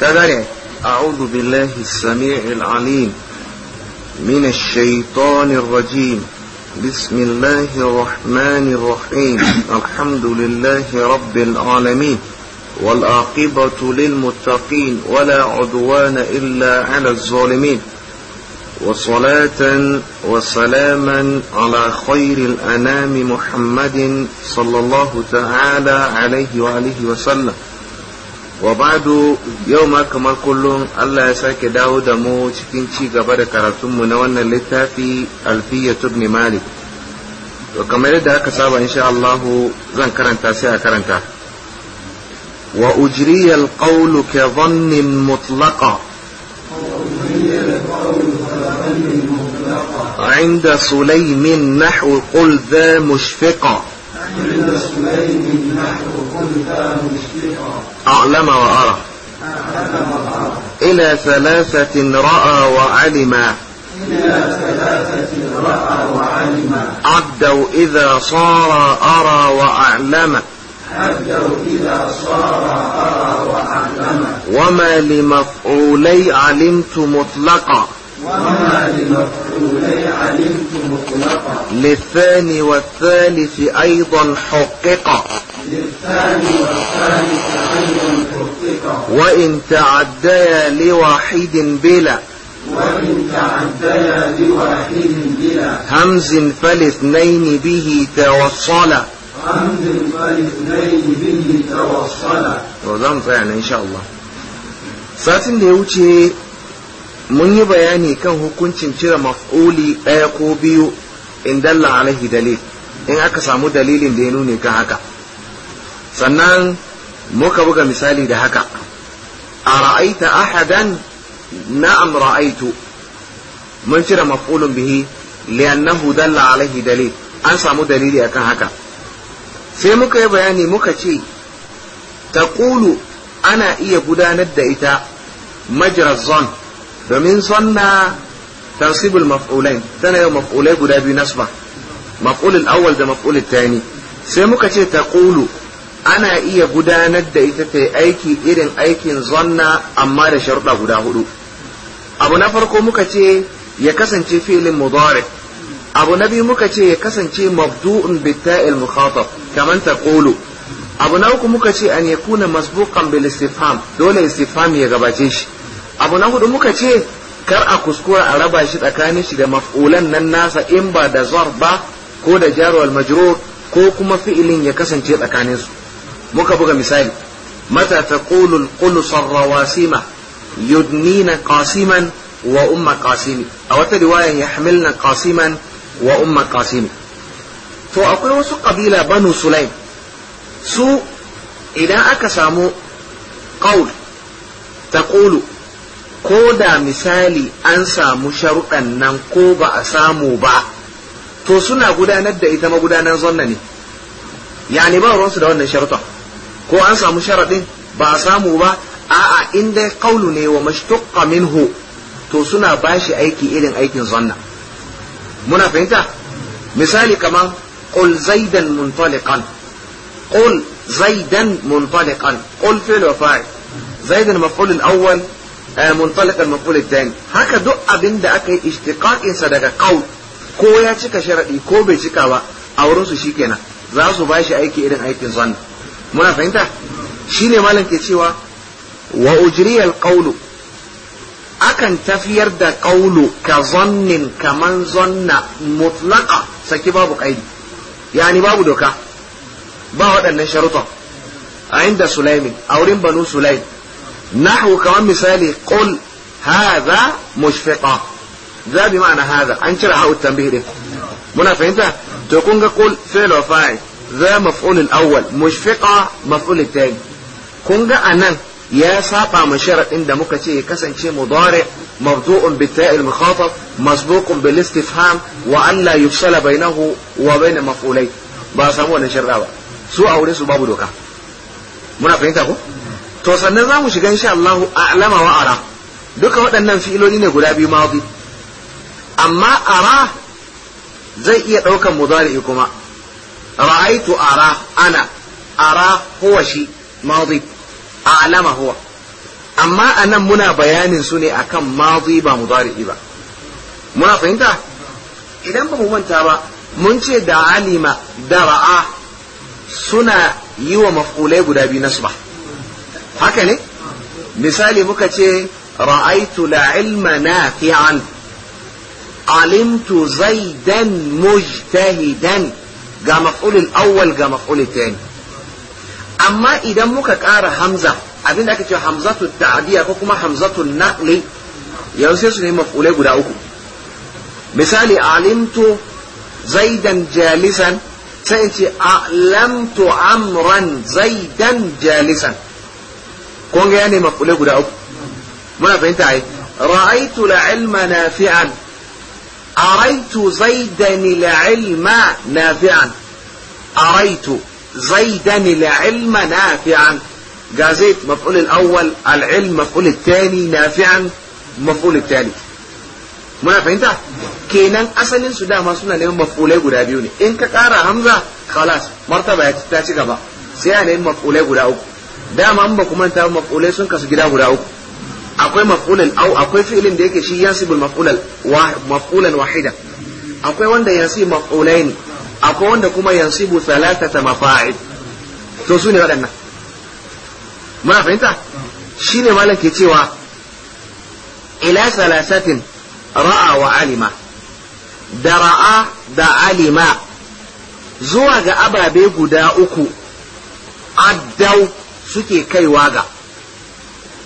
تدري أعوذ بالله السميع العليم من الشيطان الرجيم بسم الله الرحمن الرحيم الحمد لله رب العالمين والآقبة للمتقين ولا عدوان إلا على الظالمين وصلاة وسلاما على خير الأنام محمد صلى الله تعالى عليه وآله وسلم wa ba'du yau ma kamar kullum Allah ya sake dawo da mu cikin ci gaba da karatunmu na wannan littafi alfiya ibn malik to kamar yadda aka saba insha Allah zan karanta sai a karanta wa ujriya alqawlu ka dhannin mutlaqa عند سليم نحو قل ذا مشفقا عند سليم نحو قل ذا مشفقا أعلم وأرى إلى ثلاثة رأى وعلم عدوا إذا صار أرى وأعلم وما لمفعولي علمت مطلقا وما لمفعولي علمت للثاني والثالث أيضا حقق وإن تعديا لواحد بلا وإن تعديا لواحد بلا همز فالاثنين به توصلا همز فالاثنين به توصلا وضمت يعني إن شاء الله ساتن da mun yi bayani kan hukuncin cire maf'uli ɗaya ko biyu in dalla alaihi dalil in aka samu dalilin da ya nune kan haka sannan muka buga misali da haka a ra'aita ahadan na'am ra'aitu mun cire maf'ulun bihi li'annahu dalla alaihi dalil an samu dalili akan haka sai muka yi bayani muka ce taqulu ana iya gudanar da ita majra zon domin sanna tansibul maf'ulain tana yau maf'ulai guda biyu nasba maf'ulul awwal da maf'ulul tani sai muka ce taqulu ana iya gudanar da ita ta aiki irin aikin zanna amma da sharuɗa guda hudu abu na farko muka ce ya kasance filin mudari abu na biyu muka ce ya kasance mabdu'un bitta'il mukhatab kaman taqulu abu na uku muka ce an yakuna masbuqan bil istifham dole istifham ya gabace shi abu na hudu muka ce kar a kuskura a raba shi tsakanin shi da maf'ulan nan nasa in ba da zar ba ko da jarwal majro ko kuma fi'ilin ya kasance tsakanin su muka buga misali mata taqulu al-qulus rawasima yudnina qasiman wa umma qasimi a wata riwaya yahmilna qasiman wa umma qasimi to akwai wasu kabila banu sulaim su idan aka samu qaul taqulu ko da misali an samu sharuɗan nan ko ba a samu ba to suna gudanar da ita magudanar zonna ne yani ba ruwansu da wannan sharuɗan ko an samu sharaɗin ba a samu ba a'a in dai kaulu ne wa mashtuqqa minhu to suna bashi aiki irin aikin zonna muna fahimta misali kamar qul zaidan muntaliqan qul zaidan muntaliqan qul fi'l wa fa'il zaidan maf'ul al-awwal منطلق المفعول الثاني haka duk abin da aka yi ishtiqaqin sa daga qaul ko ya cika sharaɗi ko bai cika ba a wurin su shikenan za su ba shi aiki irin aikin zanna muna fahimta shine malam ke cewa wa ujriyal akan tafiyar da qawlu ka zannin kaman zanna mutlaqa saki babu qaidi yani babu doka ba waɗannan sharuta a inda sulaimin a wurin banu sulaimin نحو كمان مثالي قل هذا مشفقة ذا بمعنى هذا عن شرع هاو التنبيه ده منا فهمت تقول قل فعل وفاعل ذا مفعول الأول مشفقة مفعول الثاني كونجا أنا يا ساقع مشارة عند مكتي كسن شيء مضارع مبدوء بالتاء المخاطب مسبوق بالاستفهام وألا يفصل بينه وبين مفعولين ba samu wannan sharra ba su aure su babu doka muna fahimta ko to sannan za mu shiga insha Allah a'lama wa ara duka waɗannan fi'iloli ne guda biyu madi amma ara zai iya ɗaukan mudari kuma ra'aitu ara ana ara huwa shi madi a'lama huwa amma anan muna bayanin su ne akan madi ba mudari ba muna fahimta idan ba mu manta ba mun ce da alima da ra'a suna yi wa maf'ulai guda biyu ba. haka ne misali muka ce ra'aitu la ilma nafi'an alimtu zaidan mujtahidan ga maf'ulul awwal ga maf'ulul tani amma idan muka ƙara hamza abin da aka ce hamzatu ta'diya ko kuma hamzatu naqli yau sai su ne maf'ulai guda uku misali alimtu zaidan jalisan sai in ce alamtu amran zaidan jalisan kun ga ne maf'ulai guda uku muna fahimta ai ra'aitu al-ilma nafi'an araitu zaidan al-ilma nafi'an araitu زيدا العلم نافعا جازيت مفعول الأول العلم مفعول الثاني نافعا مفعول الثالث muna fahimta kenan asalin su dama suna neman mafulai guda biyu ne in ka kara hamza khalas martaba ya ta ci gaba sai a neman mafulai guda uku dama an ba ku manta maf'ulai sun kasu gida guda uku akwai mafulan au akwai fi'ilin da yake shi yasibul wa maf'ulan wahida akwai wanda yansi maf'ulain akwai wanda kuma yasibu thalathata mafa'il to su ne waɗannan muna fahimta shine malam ke cewa ila salasatin ra'a wa alima da ra'a da alima zuwa ga ababe guda uku addau suke kaiwa ga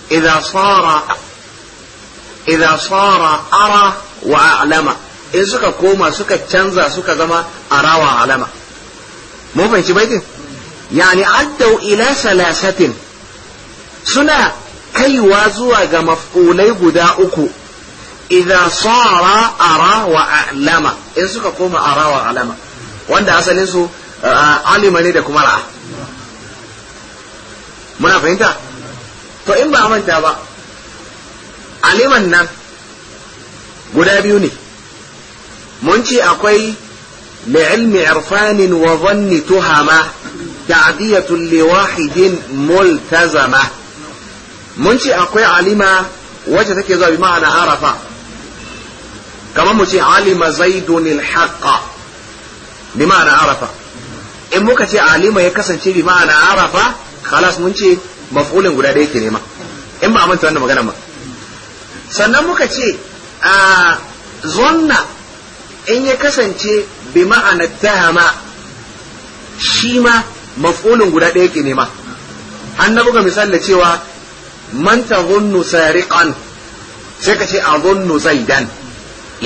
idza sara idza sara ara wa a'lama in suka koma suka canza suka zama ara wa a'lama mun fahimci yani addau ila salasatin suna kaiwa zuwa ga maf'ulai guda uku idza sara ara wa a'lama in suka koma ara wa a'lama wanda asalinsu su uh, alima ne da kuma ra'a muna fahimta to in ba manta ba aliman nan guda biyu ne mun ce akwai li'ilmi irfanin wa zanni tuhama ta'diyatun liwahidin multazama mun ce akwai alima wacce take zuwa bi ma'ana arafa kamar mu ce alima zaidun alhaqa bi ma'ana arafa in muka ce alima ya kasance bi ma'ana arafa خلاص mun ce maf'ulin guda ɗaya ke nema in ba a wannan magana ba sannan muka ce a zonna in ya kasance bi ma'ana tahama shi ma maf'ulin guda ɗaya ke nema an na buga misali da cewa man tazunnu sariqan sai ka ce azunnu zaidan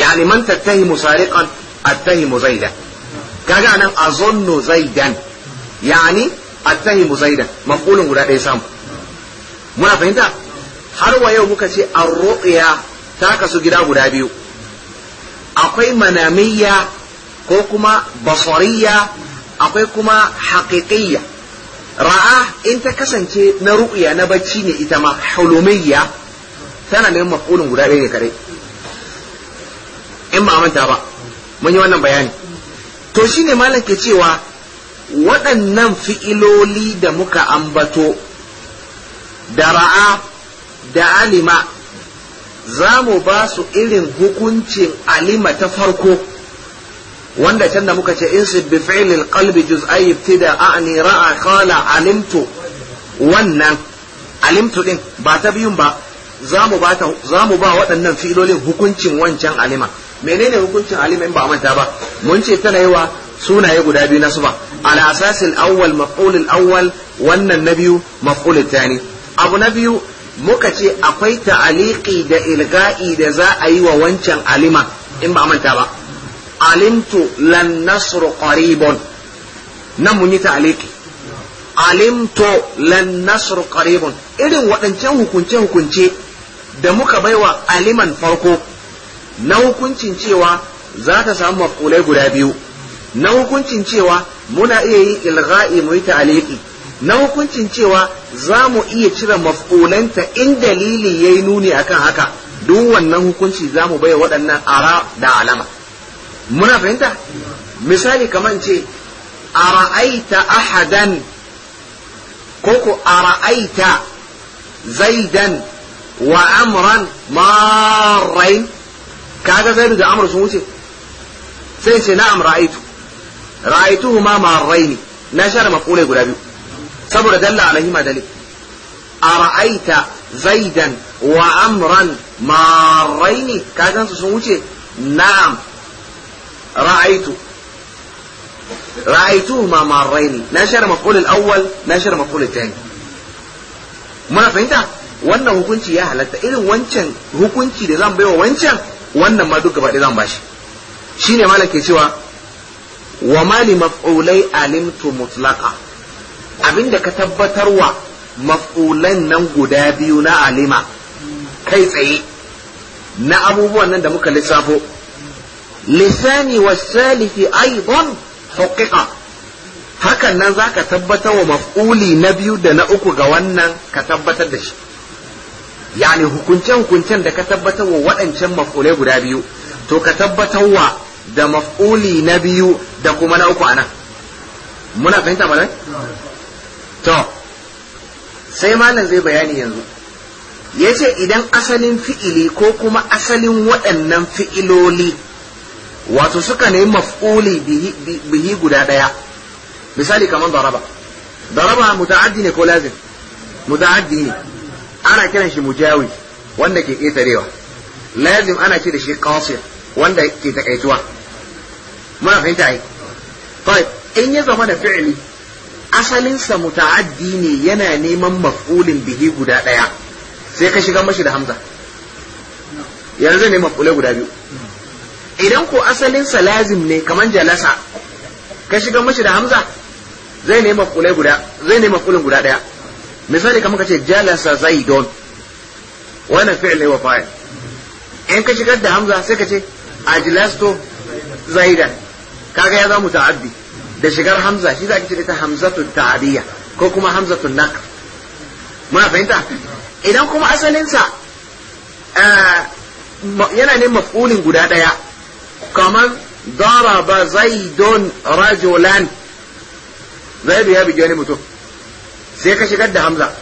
yani man tattahimu sariqan attahimu zaidan kaga nan azunnu zaidan yani attahi Musaida maf'ulun guda ɗaya samu muna fahimta har wa yau muka ce ar-ru'ya ta kasu gida guda biyu akwai manamiyya ko kuma basariyya akwai kuma haqiqiyya ra'a in ta kasance na ru'ya na bacci ne ita ma hulumiyya tana neman maf'ulun guda ɗaya ne kadai in ba manta ba mun yi wannan bayani to shine malam ke cewa waɗannan fi'iloli da muka ambato da ra'a da alima za mu ba su irin hukuncin alima ta farko wanda can da muka ce su bi fi'lil qalbi juz'ai da a'ni ra'a qala alimtu wannan alimtu din ba ta biyun ba za mu ba waɗannan fi'ilolin hukuncin wancan alima menene hukuncin alima in ba a manta ba mun ce tana yi wa sunaye guda biyu na su ba على أساس الأول مفعول الأول وأن النبي مفعول Abu na biyu muka ce akwai ta'aliki da ilga'i da za a yi wa wancan alima in ba manta ba alimtu lan nasru qaribun nan mun yi ta'aliki alimtu lan nasru qaribun irin waɗancan hukunce hukunce da muka baiwa aliman farko na hukuncin cewa za ta samu maf'ulai guda biyu na hukuncin cewa muna iya yin ilgai mu yi ta'aliki na hukuncin cewa za mu iya cire maf'ulanta in dalili yayi nuni akan haka duk wannan hukunci za mu bai waɗannan ara da alama muna fahimta misali kamar ce ara'aita ahadan ko ko ara'aita zaidan wa amran marrain kaga zaidu da amr sun wuce sai ce na'am ra'aitu ra'aituhu ma marraini na share maf'ulai guda biyu saboda dalla alaihi madali ara'aita zaidan wa amran marraini ka sun wuce na'am ra'aitu na share نشر مفعول na share مفعول الثاني muna fahimta wannan hukunci ya halatta irin wancan hukunci da zan baiwa wancan wannan ma duk gaba ɗaya zan bashi shine malam ke cewa wa mali maf'ulai alimtu mutlaqa abinda ka tabbatarwa maf'ulan nan guda biyu na alima kai tsaye na abubuwan nan da muka lissafo lisani wa salifi aidan huqiqa hakan nan zaka tabbatar wa maf'uli na biyu da na uku ga wannan ka tabbatar da shi yani hukunce hukuncen da ka tabbatar wa waɗancan maf'ulai guda biyu to ka tabbatar wa da maf'uli na biyu da kuma na uku anan muna fahimta malai to sai malam zai bayani yanzu ya ce idan asalin fi'ili ko kuma asalin waɗannan fi'iloli wato suka nemi maf'uli bihi guda ɗaya misali kamar daraba daraba muta'addi ne ko lazim muta'addi ne ana kiran shi mujawi wanda ke ƙetarewa lazim ana ce da shi ƙasir wanda ke takaituwa muna fahimta ai طيب in ya zama da fi'li asalinsa muta'addi ne yana neman maf'ulin bihi guda daya sai ka shiga mashi da hamza yanzu ne maf'ule guda biyu idan ko asalinsa lazim ne kaman jalasa ka shiga mashi da hamza zai ne maf'ule guda zai ne maf'ulin guda daya misali kamar ka ce jalasa zaidon wannan fi'il ne wa fa'il in ka shigar da hamza sai ka ce ajlastu zaidan kaga ya zamu ta'addi da shigar hamza shi za ki ce ita hamzatu ta'adiyya ko kuma hamzatu naqr muna fahimta idan kuma asalinsa eh, yana ne maf'ulin guda daya kamar daraba zaidun rajulan zaidu ya bige wani mutum sai ka shigar da hamza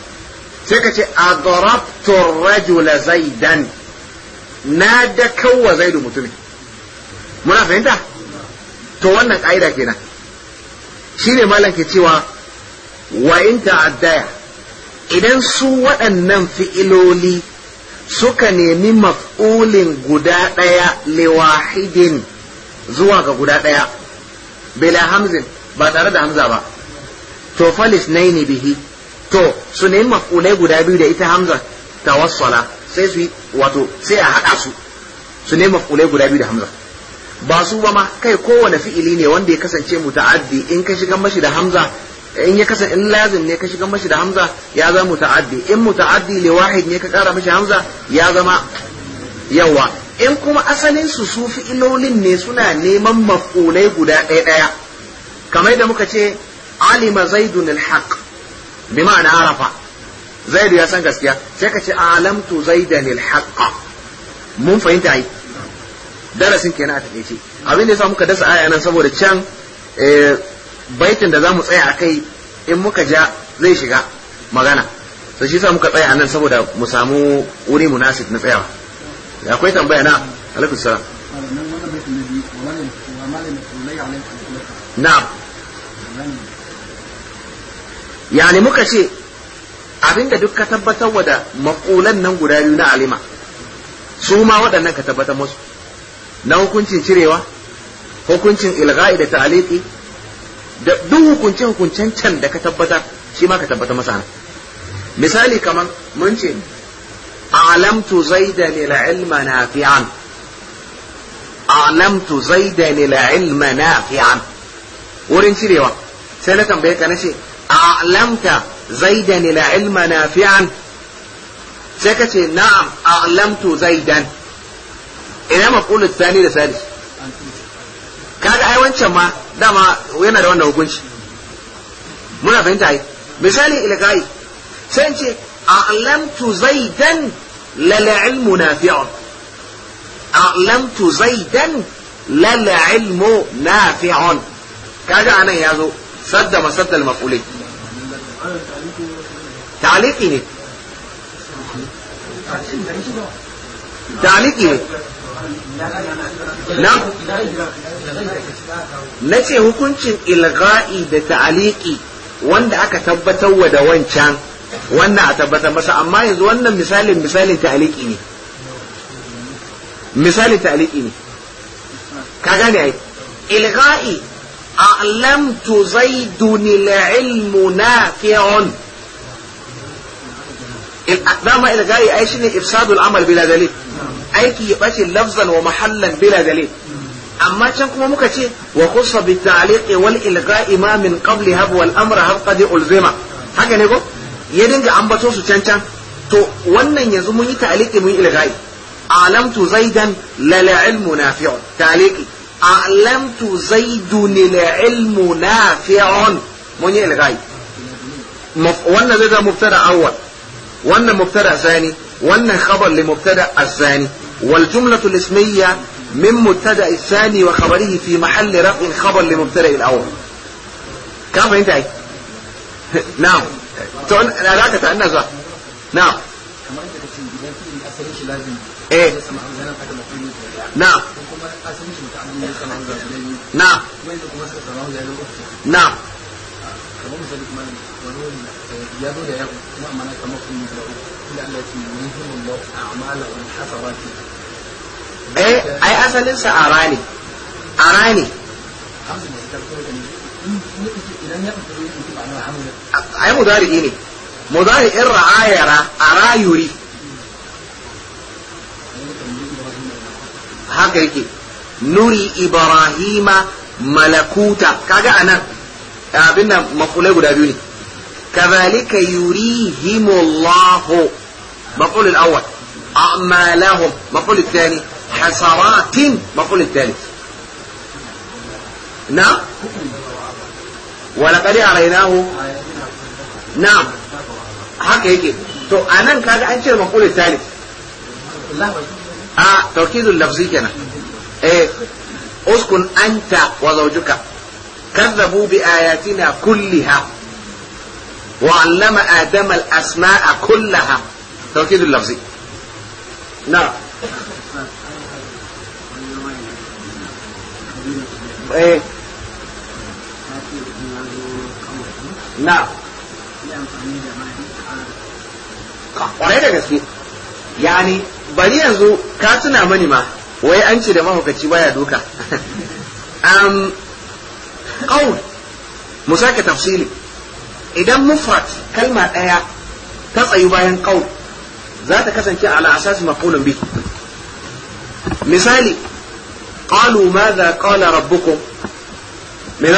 sai ka ce adarabtu rajula zaidan na da kawwa zaidu mutumin muna fahimta to wannan ƙa'ida kenan shi ne malam ke cewa wa in ta'addaya idan su waɗannan fi'iloli suka nemi maf'ulin guda ɗaya liwahidin zuwa ga guda ɗaya bela hamzin ba tare da hamza ba to falis naini bihi to su nemi maf'ulai guda biyu da ita hamza tawassala sai su wato sai a haɗa su su nemi maf'ulai guda biyu da hamza ba su ba ma kai kowane fi'ili ne wanda ya kasance muta'addi in ka shiga mashi da hamza in ya kasance in lazim ne ka shiga mashi da hamza ya zama muta'addi in muta'addi ne wahid ne ka kara mashi hamza ya zama yawa in kuma asalin su su fi'ilolin ne suna neman maf'ulai guda ɗaya ɗaya kamar da muka ce alima zaidun alhaq bi ma'ana arafa zaidu ya san gaskiya sai ka ce alamtu zaidan alhaq mun fahimta ai darasin kenan a takaice abin da yasa muka dasa aya nan saboda can eh, baitin da zamu tsaya kai in muka ja zai shiga magana to shi yasa muka tsaya nan saboda mu samu wuri munasib na tsayawa akwai tambaya na alaikum salam na'am yani muka ce abinda duk ka tabbatar wa da makulan nan guda biyu na alima su ma waɗannan ka tabbatar musu na hukuncin cirewa hukuncin ilga'i da ta'aliki da duk hukuncin hukuncen can da ka tabbata shi ma ka tabbata masa misali kamar mun ce a'lamtu zaidan lil ilma nafi'an a'lamtu zaidan lil ilma nafi'an wurin cirewa sai na tambaye ka nace a'lamta zaidan lil ilma nafi'an sai ka ce na'am a'lamtu zaidan ina maf'ul tsani da salis kaga ai wancan ma dama yana da wannan hukunci muna fahimta ai misali ilgai sai in ce a'lamtu zaidan la ilmu nafi'un a'lamtu zaidan la ilmu nafi'un kaga anan yazo sadda masadda al-maf'ulai تعليقي ne تعليقي ne na na ce hukuncin ilga'i da ta'aliki wanda aka tabbatar wa da wancan wannan a tabbatar masa amma yanzu wannan misalin misalin ta'aliki ne misalin ta'aliki ne ka gane ai ilga'i a'lamtu zaidun ilmu nafi'un dama ilga'i ai shine ifsadul amal bila dalil aiki ya bace lafzan wa mahallan bila dalil amma can kuma muka ce wa khussa bi ta'liqi wal ilqa'i ma qabli hab wal amra hab qad ulzima haka ne ko ya dinga ambato su can can to wannan yanzu mun yi ta'liqi mun yi ilqa'i alamtu zaidan la ilmu nafi'un ta'liqi alamtu zaidun la ilmu nafi'un mun yi ilqa'i wannan zai zama mubtada awwal wannan mubtada sani وأن خبر لمبتدأ الثاني والجملة الاسمية من مبتدأ الثاني وخبره في محل رفع خبر لمبتدأ الأول كيف أنت أي نعم لا ذا نعم ايه نعم نعم نعم da eh, ai ne ara in ra'ayara ara yuri haka yake nuri ibrahima malakuta kaga anan abin nan mafulai guda biyu ne kazalika yurihimullahu مفعول الأول أعمالهم مفعول الثاني حسرات مفعول الثالث نعم ولقد أريناه نعم هكا هيك تو أنا كاد أنت المفعول الثالث آه توكيد اللفظي كنا إيه أسكن أنت وزوجك كذبوا بآياتنا كلها وعلم آدم الأسماء كلها توكيد اللفظي نعم ايه نعم kwarai da gaske yani bari yanzu ka tuna mani ma wai an ce da mahaukaci baya doka um, mu sake tafsiri idan mufrat kalma ɗaya ta tsayu bayan qaul ذات كسنك على أساس مفهول به مثالي قالوا ماذا قال ربكم من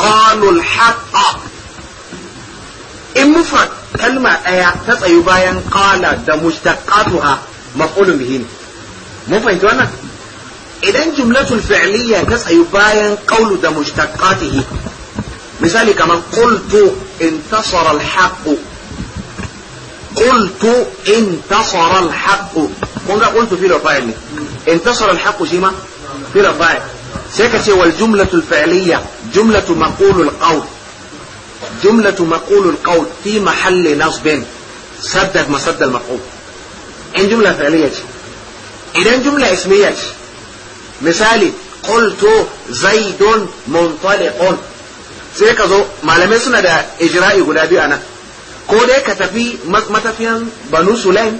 قالوا الحق المفرد كلمة آية تسأيبايان قال مشتقاتها مفهول به مفرد وانا إذن جملة الفعلية يباين قول مشتقاته مثالي كما قلت انتصر الحق قلت انتصر الحق kun ga kuntu fi ne intasara al-haqq ma fi sai ka ce wal jumlatu al jumlatu maqulul qawl jumlatu maqulul qawl fi mahalli nasbin sadda masadd al-maqul in jumla fi'liyya ce idan jumla ismiyya ce misali qultu zaidun muntaliqun sai ka zo malamai suna da ijra'i guda biyu anan ko dai ka tafi matafiyan banu sulaim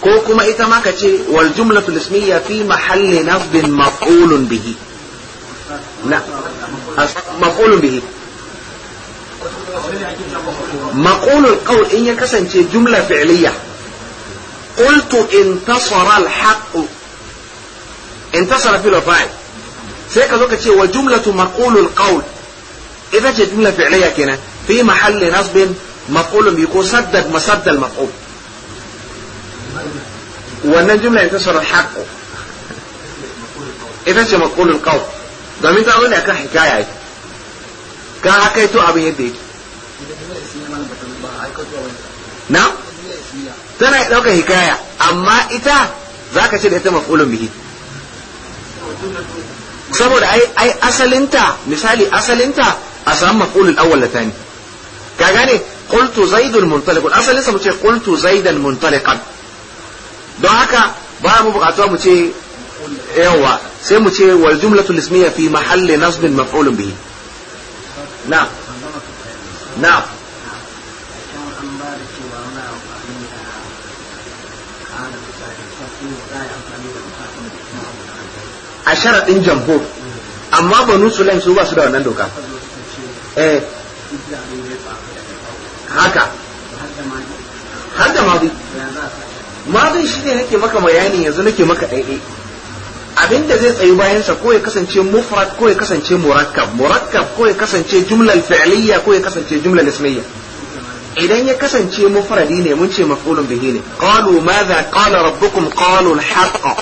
ko kuma ita ma ka ce wal jumlatul ismiyya fi mahalli nasbin maqulun bihi na maqulun bihi maqulul qawl in ya kasance jumla fi'liya qultu intasara al-haqq intasara fil fa'il sai ka zo ka ce wa jumlatu maqulul qawl ita ce jumla fi'liya kenan fi mahalli nasbin maf'ulun bi ko saddad masaddal maf'ul wannan jumla ita sarar haƙo ita ce maƙulun ƙau domin ta wani akan hikaya yi ka haka to abin yadda yake na tana ɗaukar hikaya amma ita za ka ce da ita maƙulun bihi saboda ai asalinta misali asalinta a samu maƙulun awwal ta ne ka gane qultu zaidun muntaliqun asalin sa mu ce qultu zaidan muntaliqan don haka ba mu bukatuwa mu ce yawa sai mu ce wal jumlatul ismiyya fi mahalli nasbin maf'ulun bihi na na a sharaɗin jamhur amma banu sulaim su ba su da wannan doka eh haka har da madi madin shi ne nake maka bayani yanzu nake maka ɗaiɗai abin da zai tsayi bayansa ko ya kasance mufrad ko ya kasance murakkab murakkab ko ya kasance jumlal fi'liya ko ya kasance jumlal ismiyya idan ya kasance mufradi ne mun ce maf'ulun bihi ne qalu madha qala rabbukum qalu al-haqqa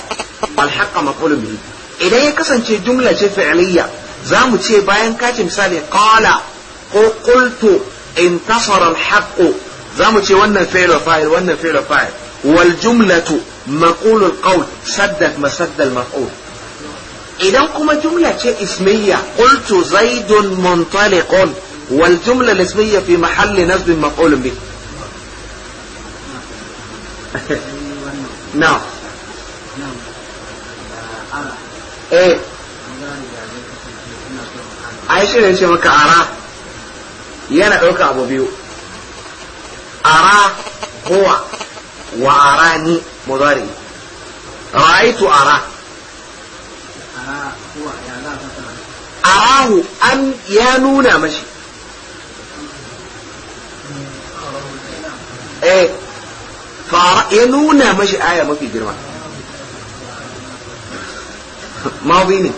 al-haqqa maf'ulun bihi idan ya kasance jumla ce fi'liya za mu ce bayan kace misali qala ko qultu انتصر الحق زعما تي وانا فعل فاعل وانا فعل فاعل والجملة مقول القول سدت ما سد المقول إذا كما جملة اسمية قلت زيد منطلق والجملة الاسمية في محل نصب مقول به نعم ايه عايشين ايش مكة عراق yana ɗauka abu biyu ara huwa wa ara ni mudari ra'aitu ara arahu an ya nuna mashi eh ya nuna mashi aya mafi girma mazi ne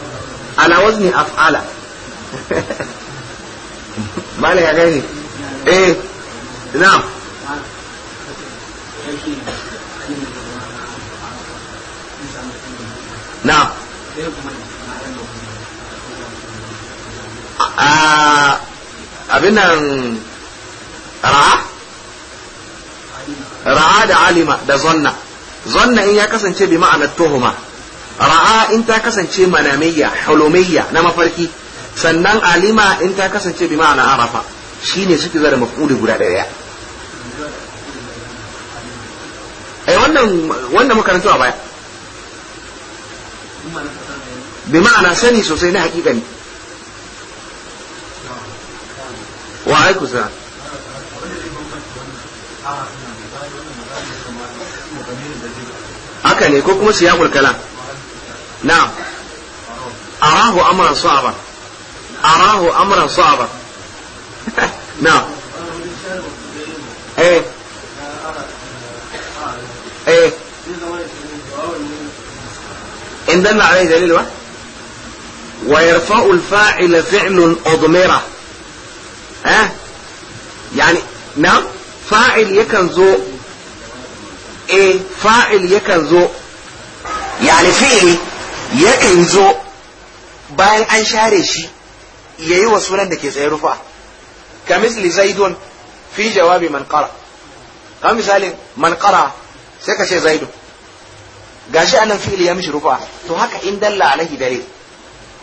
ala wazni af'ala malam ya gane eh na'am na'am a abin nan ra'a ra'a da alima da zonna zonna in ya kasance bi ma'anar tuhuma ra'a in ta kasance manamiyya hulumiyya na mafarki sannan alima in ta kasance bi ma'ana arafa shine suke zara maf'uli guda daya ai eh, wannan wanda makarantu a baya bi ma'ana sani sosai na hakika ne wa aiku sa. haka ne ko kuma siyaqul kalam na'am arahu a ba. أراه أمرا صعبا نعم ايه ايه ان دل عليه دليل واحد ويرفع الفاعل فعل أضمرة ها أه؟ يعني نعم فاعل يكنزو ايه فاعل يكنزو يعني فعل يكنزو باين ان شاري yayi wa sunan da ke tsaye rufa ka misli zaidun fi jawabi man qara kamar misalin man qara sai ka ce zaidun gashi anan fi'il ya mishi rufa to haka in dalla alaihi dalil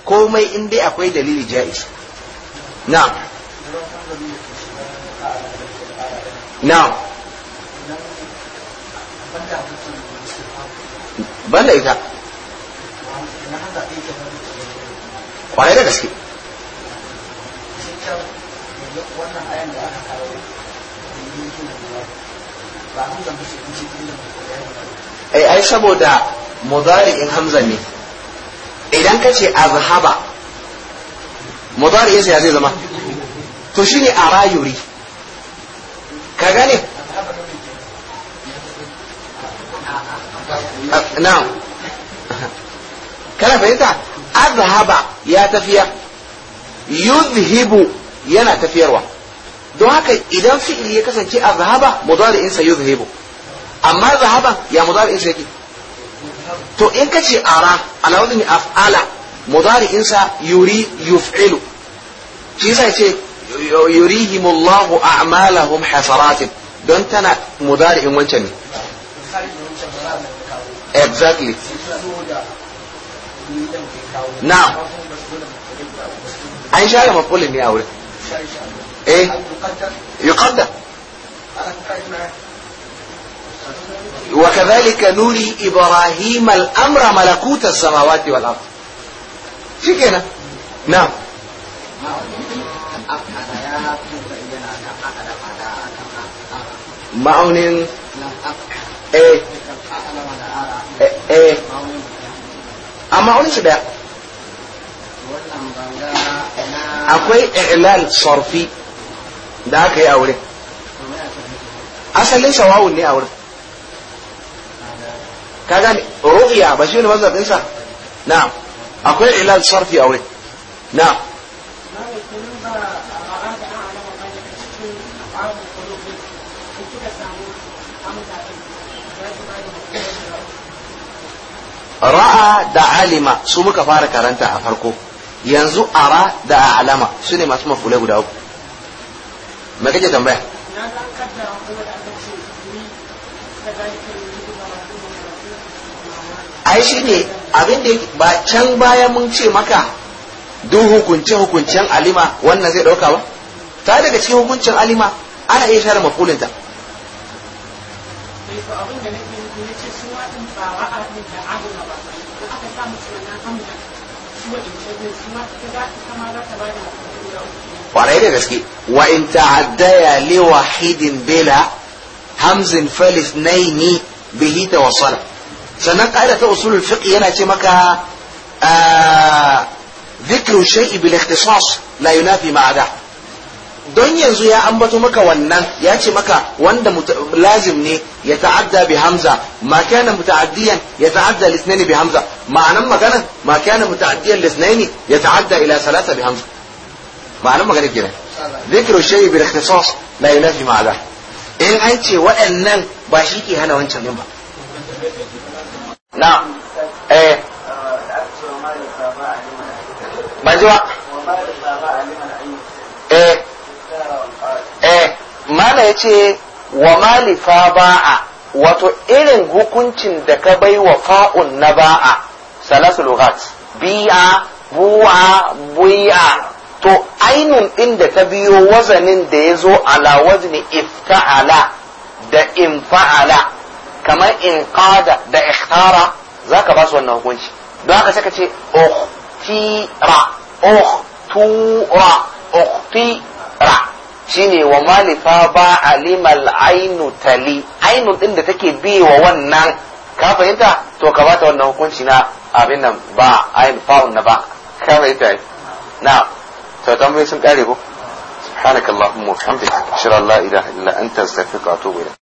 komai in dai akwai dalili jaiz Na. Na. banda ita kwaye da gaske wannan ayan da aka kawo hamza eh, ai eh, ai saboda mudari'in hamza ne idan ka ce azhaba mudari'in sa zai zama to shine arayuri ka gane na'am kana fahimta azhaba ya tafiya yuzhibu yana tafiyarwa don haka idan fi'ili ya kasance a zahaba mudari'in sa yuzhibu amma zahaban ya mudari'in sa yake to in ka ce ara ala wazni af'ala mudari'in sa yuri yuf'ilu shi yasa yace yurihimullahu a'malahum hasaratin don tana mudari'in wancan ne exactly na an share mafulin ne a wurin ايه يقدر وكذلك نري إبراهيم الأمر ملكوت السماوات والأرض في كده نعم معون ايه ايه a ma'aunin شباب. akwai i'lal sarfi da aka yi a wurin asalin sawawun ne a wurin ka gane ru'ya ba shi ne mazhabin sa na. akwai i'lal sarfi a wurin na ra'a da alima su muka fara karanta a farko yanzu ara da a'lama su ne masu mafule guda uku Mai kake tambaya ai shi ne abin da ba can baya mun ce maka duk hukunce hukuncin alima wannan zai dauka ba ta daga cikin hukuncin alima ana iya share mafulinta eh, abin وعلى ايه بس وان تعديا لوحيد بلا همز فالاثنين به توصلا سنن قاعده اصول الفقه يانا تشي مكا آه، ذكر الشيء بالاختصاص لا ينافي مع ذاك don yanzu ya ambato maka wannan ya ce maka wanda lazim ne ya ta'adda bi hamza ma kana muta'addiyan ya ta'adda lisnaini bi hamza ma'anan magana ma kana muta'addiyan lisnaini ya ta'adda ila salasa bi hamza ma'anan magana kenan dhikru shay bil ikhtisas la yunafi ma'ana in an ce waɗannan ba shi ke hana wancan din ba na eh ban ji ba mala ya ce wa malifa ba'a wato irin hukuncin da ka bai wa fa'un na ba'a salasu lugat bi'a bu'a bu'a to ainun ɗin da ta biyo wazanin da ya zo ala wazni ifta'ala da infa'ala kamar in qada da ikhtara zaka ba su wannan hukunci don haka sai ka ce ukhtira ukhtura ukhtira shine wa malifa ba alimal ainu tali ainu din da take bi wa wannan ka fahimta to ka bata wannan hukunci na abin nan ba ain fa'un na ba ka fahimta na to tambayi sun kare ko subhanakallahumma wa bihamdika ashhadu an la ilaha illa anta astaghfiruka wa atubu ilayk